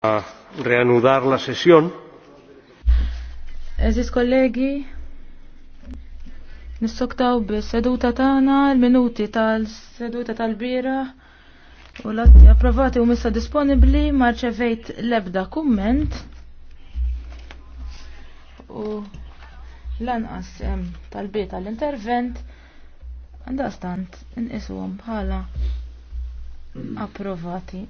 a reanudar la sesión. Eżis kollegi, nistoktaw bis-seduta tagħna l-minuti tal-seduta tal-bira u l-atti approvati u missa disponibli ma rċevejt l-ebda kumment u lanqas tal bita tal-intervent għandastant inqishom bħala approvati.